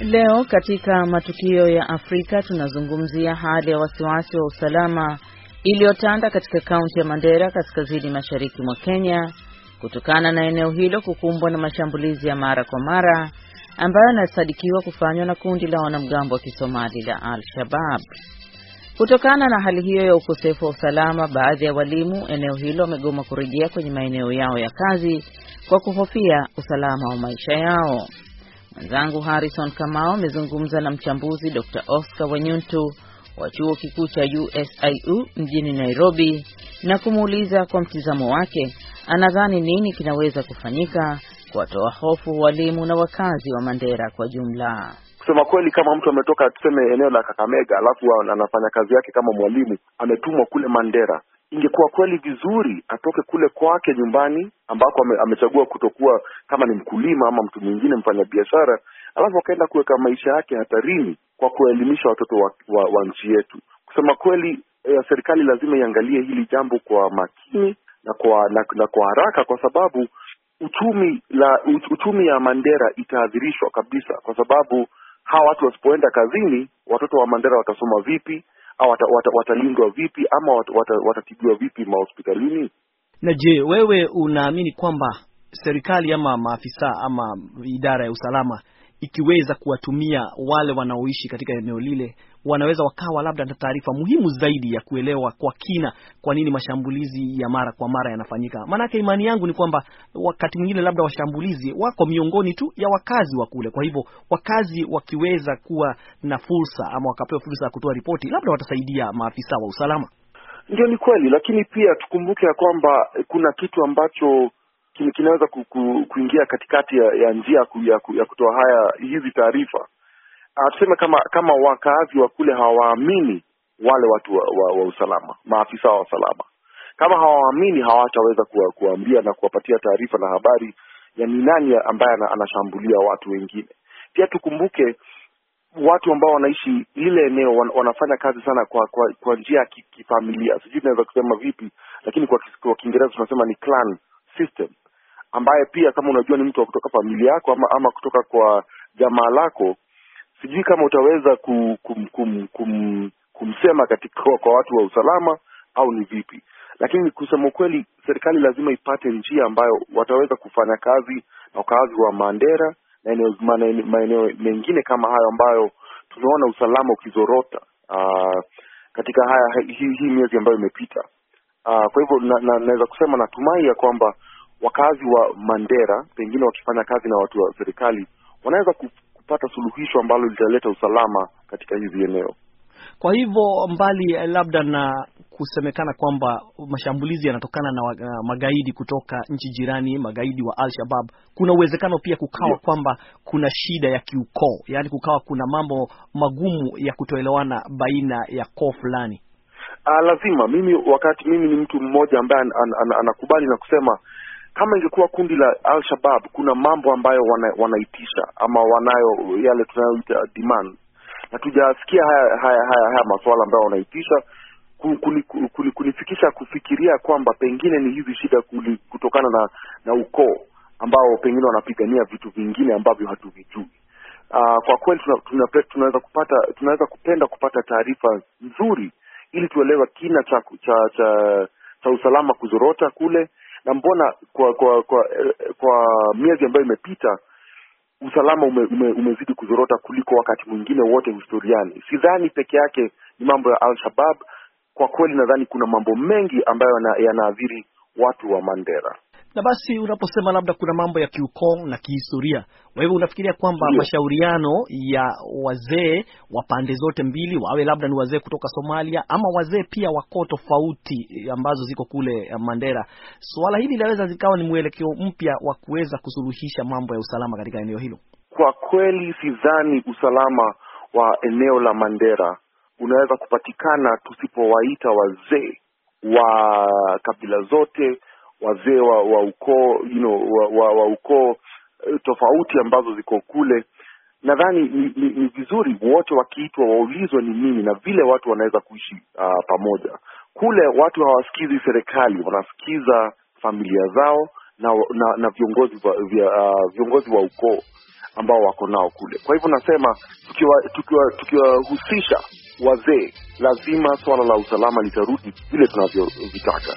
Leo katika matukio ya Afrika tunazungumzia hali ya wasiwasi wa usalama iliyotanda katika kaunti ya Mandera kaskazini mashariki mwa Kenya kutokana na eneo hilo kukumbwa na mashambulizi ya mara kwa mara ambayo yanasadikiwa kufanywa na kundi la wanamgambo wa Kisomali la Al-Shabaab. Kutokana na hali hiyo ya ukosefu wa usalama, baadhi ya walimu eneo hilo wamegoma kurejea kwenye maeneo yao ya kazi kwa kuhofia usalama wa maisha yao. Mwenzangu Harrison Kamao amezungumza na mchambuzi Dr. Oscar Wanyuntu wa chuo kikuu cha USIU mjini Nairobi na kumuuliza kwa mtizamo wake anadhani nini kinaweza kufanyika kuwatoa hofu walimu na wakazi wa Mandera kwa jumla. Kusema kweli, kama mtu ametoka tuseme eneo la Kakamega alafu anafanya kazi yake kama mwalimu, ametumwa kule Mandera, ingekuwa kweli vizuri atoke kule kwake nyumbani ambako ame, amechagua kutokuwa kama ni mkulima ama mtu mwingine mfanya biashara, alafu akaenda kuweka maisha yake hatarini kwa kuwaelimisha watoto wa, wa, wa nchi yetu. Kusema kweli, eh, serikali lazima iangalie hili jambo kwa makini na kwa na, na kwa haraka kwa sababu uchumi la uchumi ya Mandera itaadhirishwa kabisa kwa sababu hawa watu wasipoenda kazini, watoto wa Mandera watasoma vipi au watalindwa wata, vipi ama watatibiwa wata vipi mahospitalini? Na je, wewe unaamini kwamba serikali ama maafisa ama idara ya usalama ikiweza kuwatumia wale wanaoishi katika eneo lile, wanaweza wakawa labda na taarifa muhimu zaidi ya kuelewa kwa kina kwa nini mashambulizi ya mara kwa mara yanafanyika. Maanake imani yangu ni kwamba wakati mwingine labda washambulizi wako miongoni tu ya wakazi wa kule. Kwa hivyo wakazi wakiweza kuwa na fursa ama wakapewa fursa ya kutoa ripoti, labda watasaidia maafisa wa usalama. Ndio, ni kweli, lakini pia tukumbuke ya kwamba kuna kitu ambacho kinaweza ku, ku, kuingia katikati ya, ya njia ku, ya, ku, ya kutoa haya hizi taarifa. Ah, tuseme kama kama wakaazi wa kule hawaamini wale watu wa, wa, wa usalama, maafisa wa usalama, kama hawaamini hawataweza kuwa, kuwaambia na kuwapatia taarifa na habari ya ni nani ambaye anashambulia watu wengine. Pia tukumbuke watu ambao wanaishi lile eneo wanafanya kazi sana kwa kwa, kwa njia ya kifamilia, sijui inaweza kusema vipi, lakini kwa Kiingereza tunasema ni clan system ambaye pia kama unajua ni mtu wa kutoka familia yako ama, ama kutoka kwa jamaa lako, sijui kama utaweza kum, kum, kum, kum, kumsema katika kwa watu wa usalama au ni vipi. Lakini kusema ukweli, serikali lazima ipate njia ambayo wataweza kufanya kazi na wakaazi wa Mandera na maeneo mengine kama hayo ambayo tumeona usalama ukizorota aa, ah, katika haya hii hi, hi miezi ambayo imepita. Ah, kwa hivyo naweza na, na kusema natumai ya kwamba wakazi wa Mandera pengine wakifanya kazi na watu wa serikali wanaweza kupata suluhisho ambalo litaleta usalama katika hizi eneo. Kwa hivyo mbali eh, labda na kusemekana kwamba mashambulizi yanatokana na magaidi kutoka nchi jirani, magaidi wa Al-Shabab, kuna uwezekano pia kukawa kwamba kuna shida ya kiukoo, yaani kukawa kuna mambo magumu ya kutoelewana baina ya koo fulani. Ah, lazima mimi wakati mimi ni mtu mmoja ambaye an, an, an, anakubali na kusema kama ingekuwa kundi la Al-Shabab, kuna mambo ambayo wana, wanaitisha ama wanayo yale tunayoita demand, na tujasikia haya, haya, haya, haya masuala ambayo wanaitisha kunifikisha kufikiria kwamba pengine ni hizi shida kutokana na na ukoo ambao pengine wanapigania vitu vingine ambavyo hatuvijui. Uh, kwa kweli tunaweza tuna, tuna kupata tunaweza kupenda kupata taarifa nzuri ili tuelewe kina cha cha, cha cha usalama kuzorota kule na mbona kwa kwa kwa, kwa miezi ambayo imepita usalama ume, ume, umezidi kuzorota kuliko wakati mwingine wote historiani. Sidhani peke yake ni mambo ya Al-Shabab. Kwa kweli, nadhani kuna mambo mengi ambayo yanaadhiri watu wa Mandera. Na basi unaposema labda kuna mambo ya kiukoo na kihistoria, kwa hivyo unafikiria kwamba yeah, mashauriano ya wazee wa pande zote mbili, wawe labda ni wazee kutoka Somalia ama wazee pia wako tofauti ambazo ziko kule eh, Mandera, swala hili linaweza zikawa ni mwelekeo mpya wa kuweza kusuluhisha mambo ya usalama katika eneo hilo? Kwa kweli sidhani usalama wa eneo la Mandera unaweza kupatikana tusipowaita wazee wa kabila zote wazee wa, wa ukoo you know, wa, wa, wa ukoo eh, tofauti ambazo ziko kule nadhani ni, ni, ni vizuri wote wakiitwa waulizwe ni nini na vile watu wanaweza kuishi uh, pamoja kule watu hawasikizi serikali wanasikiza familia zao na na, na viongozi wa, vya, uh, viongozi wa ukoo ambao wako nao kule kwa hivyo nasema tukiwahusisha tukiwa, tukiwa wazee lazima suala la usalama litarudi vile tunavyovitaka